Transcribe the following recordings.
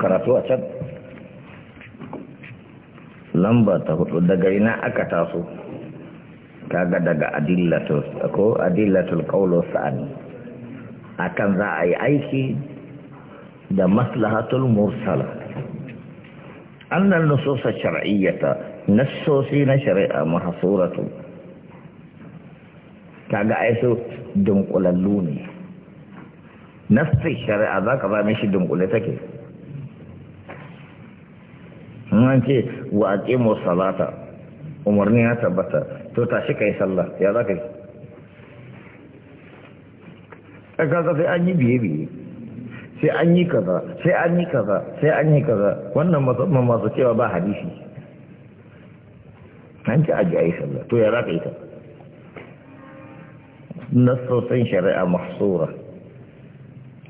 karatu a can lamba ta hudu daga ina aka taso kaga daga adillatul ko adillatul qawlu sa'ani akan za a yi aiki da maslahatul mursala annan nusus shar'iyyata nassosi na shari'a mahsuratu kaga ai su dunkulallu ne nassi shari'a zaka ba mishi dunkule take an ce wa a aqimu salata umarni ya tabbata to tashi yi sallah ya za ka yi a kaga sai an yi biye biye sai an yi kaza sai an yi kaza sai an yi kaza wannan musamman masu cewa ba hadisi an ci aji yi sallah to ya za ka yi ta nasosin shari'a mahsura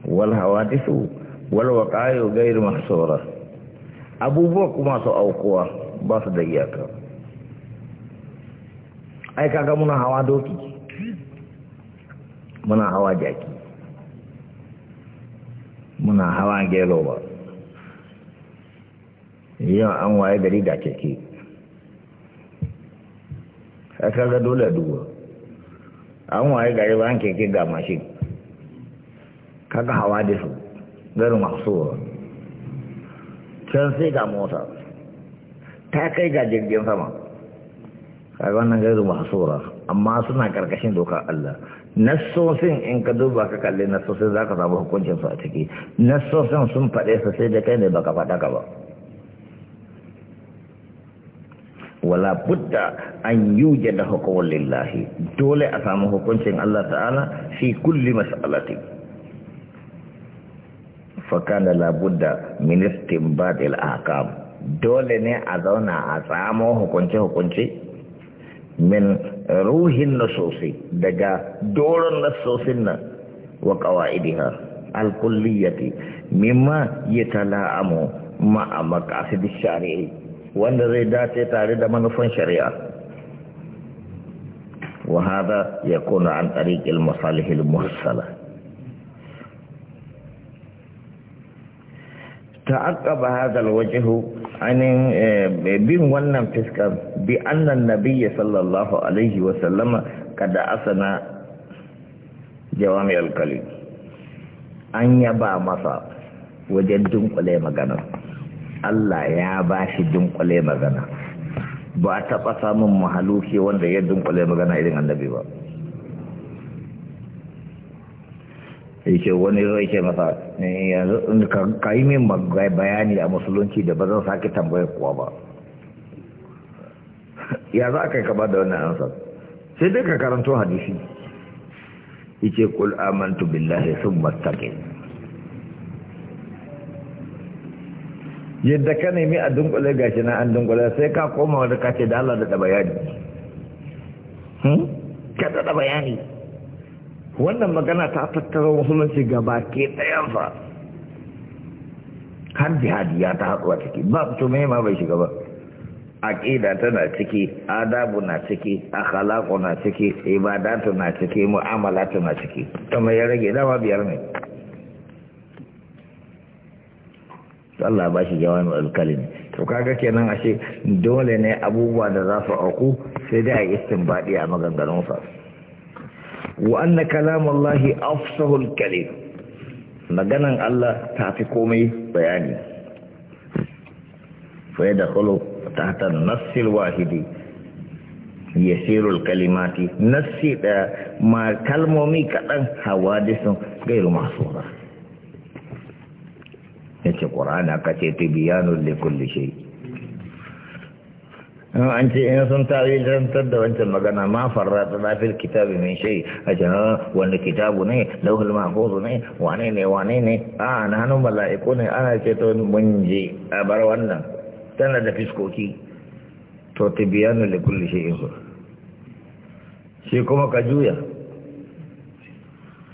wal hawadisu wal gairu masu mahsura abubuwa kuma su aukuwa ba su da iyaka ai kaga muna hawa doki muna hawa jaki muna hawa gelo ba yau an waye gari da keke ai kaga dole duba an waye gari ba an keke ga mashin kaga hawa da su garin masu can sai ga mota ta kai ga jirgin sama kai wannan gairu mahsura amma suna karkashin doka Allah nassosin in ka duba ka kalli nassosin ka samu hukuncin su a ciki nassosin sun faɗe su sai da kai ne baka faɗa ka ba wala budda an da hukumar lillahi dole a samu hukuncin Allah ta'ala fi kulli mas'alati fakana labudda ministin istinbat al-ahkam dole ne a zauna a tsamo hukunce-hukunce min ruhin na sosai daga doron na sosai na wa kawa idiha alkulliyati mimma yatala'amu ma'a maqasid shari'i wanda zai dace tare da manufan shari'a wa ya kuna an tsarikin masalihin mursala ta'aqqaba hadha al-wajh anin eh, bin wannan fiska bi anna an-nabiy sallallahu alayhi wa sallama kad asana jawami al an yaba masa wajen dunkule magana Allah ya bashi dunkule magana ba a taɓa samun mahaluki wanda ya dunkule magana irin annabi ba yake wani zai ce masa eh, yanzu ka yi min bayani a musulunci da ba zan sake tambayar kuwa ba ya za ka kaba da wannan ansar sai dai ka karanto hadisi yake kul amantu billahi sun mastake yadda ka nemi a dunkule gashi na an dunkule sai ka koma wani ka ce da Allah da ɗaba hmm ka da bayani wannan magana ta tattara musulunci gaba ke ɗayansa har jihadi ta haɗuwa ciki ba fito mai ma bai shiga ba aƙida tana ciki adabu na ciki akhlaqu na ciki ibadatu na ciki mu'amalatu na ciki to mai ya rage dama biyar ne Allah ba shi jawan alkalin to kaga kenan ashe dole ne abubuwa da za su auku sai dai a yi istinbadi a maganganun sa wa anna kalamallahi afsahul kalim maganan Allah ta fi komai bayani fa da kulu tahta nassil wahidi yasirul kalimati nassi da ma kalmomi kadan hawadisun gairu masura yace qur'ana kace tibyanu likulli shay an ce in sun tarihantar da wancan magana ma farra ta lafiyar kitabi mai shai a jana ah, wanda kitabu ne lauhul mahfuzu ne wane ne wane ne a na hannun mala'iku ne ana ce to mun je a bar wannan tana da fiskoki to tibiyanu li kulli shay'in shi kuma ka juya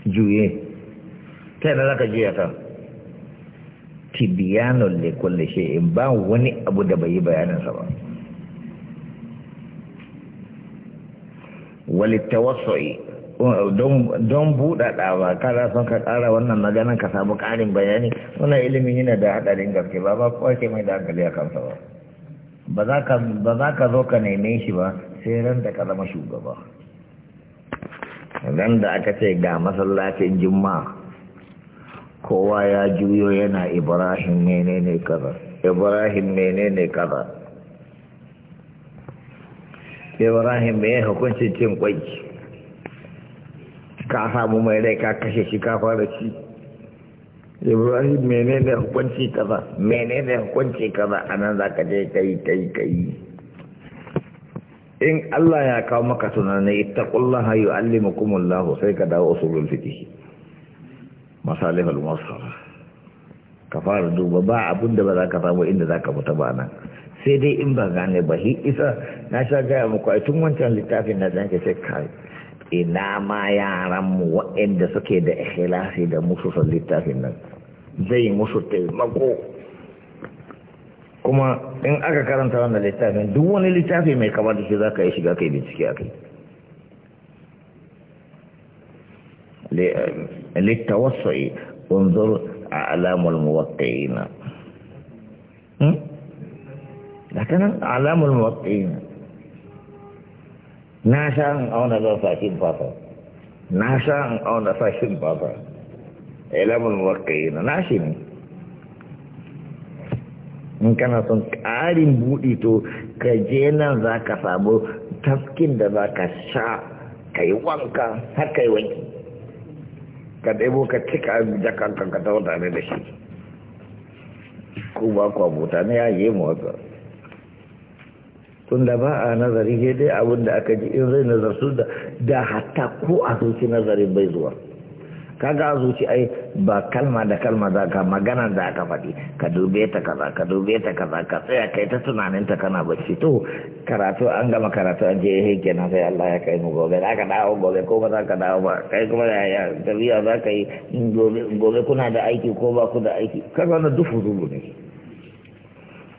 juye ta yana zaka juya ta tibiyanu li kulli in ba wani abu da bai yi bayanin sa ba walittawassu'i don buɗaɗawa kada son ka ƙara wannan maganar ka samu ƙarin bayani wannan ilimin yana da haɗarin gaske ba ba ko ke mai da hankali a kansa ba ba za ka zo ka neme shi ba sai ran da ka zama shugaba ran da aka ce ga masallacin juma'a kowa ya juyo yana ibrahim menene kaza ibrahim menene kaza ibrahim bai hukuncin cin kwai ka samu mai rai ka kashe shi ka fara shi ibrahim menene hukunci kaza menene hukunci kaza anan za ka je kai kai kai in Allah ya kawo maka tunanin ittaqullaha yu'allimukumullahu sai ka dawo usulul fiqh masalihul musalla ka fara duba ba abinda ba za ka samu inda za ka fita ba nan sai dai in ba gane ba hi isa na sha gaya muku a tun wancan littafin na zanke sai kai ina ma yaran mu waɗanda suke da ikhlasi da musu son littafin nan zai musu taimako kuma in aka karanta wannan littafin duk wani littafi mai kama da shi za ka yi shiga kai bincike a kai eh, littawassa'i unzur a alamul muwaqqa'ina hmm? Lakanan alamul muwakkin. Nasa ang awan na fahim papa. Nasa ang awan na fahim papa. Alamul muwakkin. Nasa ni. In ka na son karin buɗi to, ka jena za ka sabo tafkin da za ka sha kai wanka har kai wanki. Ka ɗaibo ka cika da kankan ka tawo tare da shi. Ku ba ku abota ne ya yi mu wasu. tun da ba a nazari ke dai abin da aka ji in zai nazarsu da da hatta ko a zuci nazarin bai zuwa kaga a zuci ai ba kalma da kalma za ka magana da aka faɗi ka dube ta kaza ka dube ta kaza ka tsaya kai ta tunanin ta kana bacci to karatu an gama karatu an je he kenan sai Allah ya kai mu gobe za ka dawo gobe ko ba za ka dawo ba kai kuma ya tafiya za ka yi gobe kuna da aiki ko ba ku da aiki kaga na duk fuzulu ne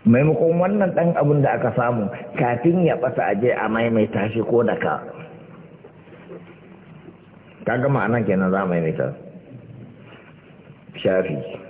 maimakon wannan ɗan abin da aka samu kafin ya fasa aje a maimaita shi ko da ka ka gama anan kenan za a maimaita shafi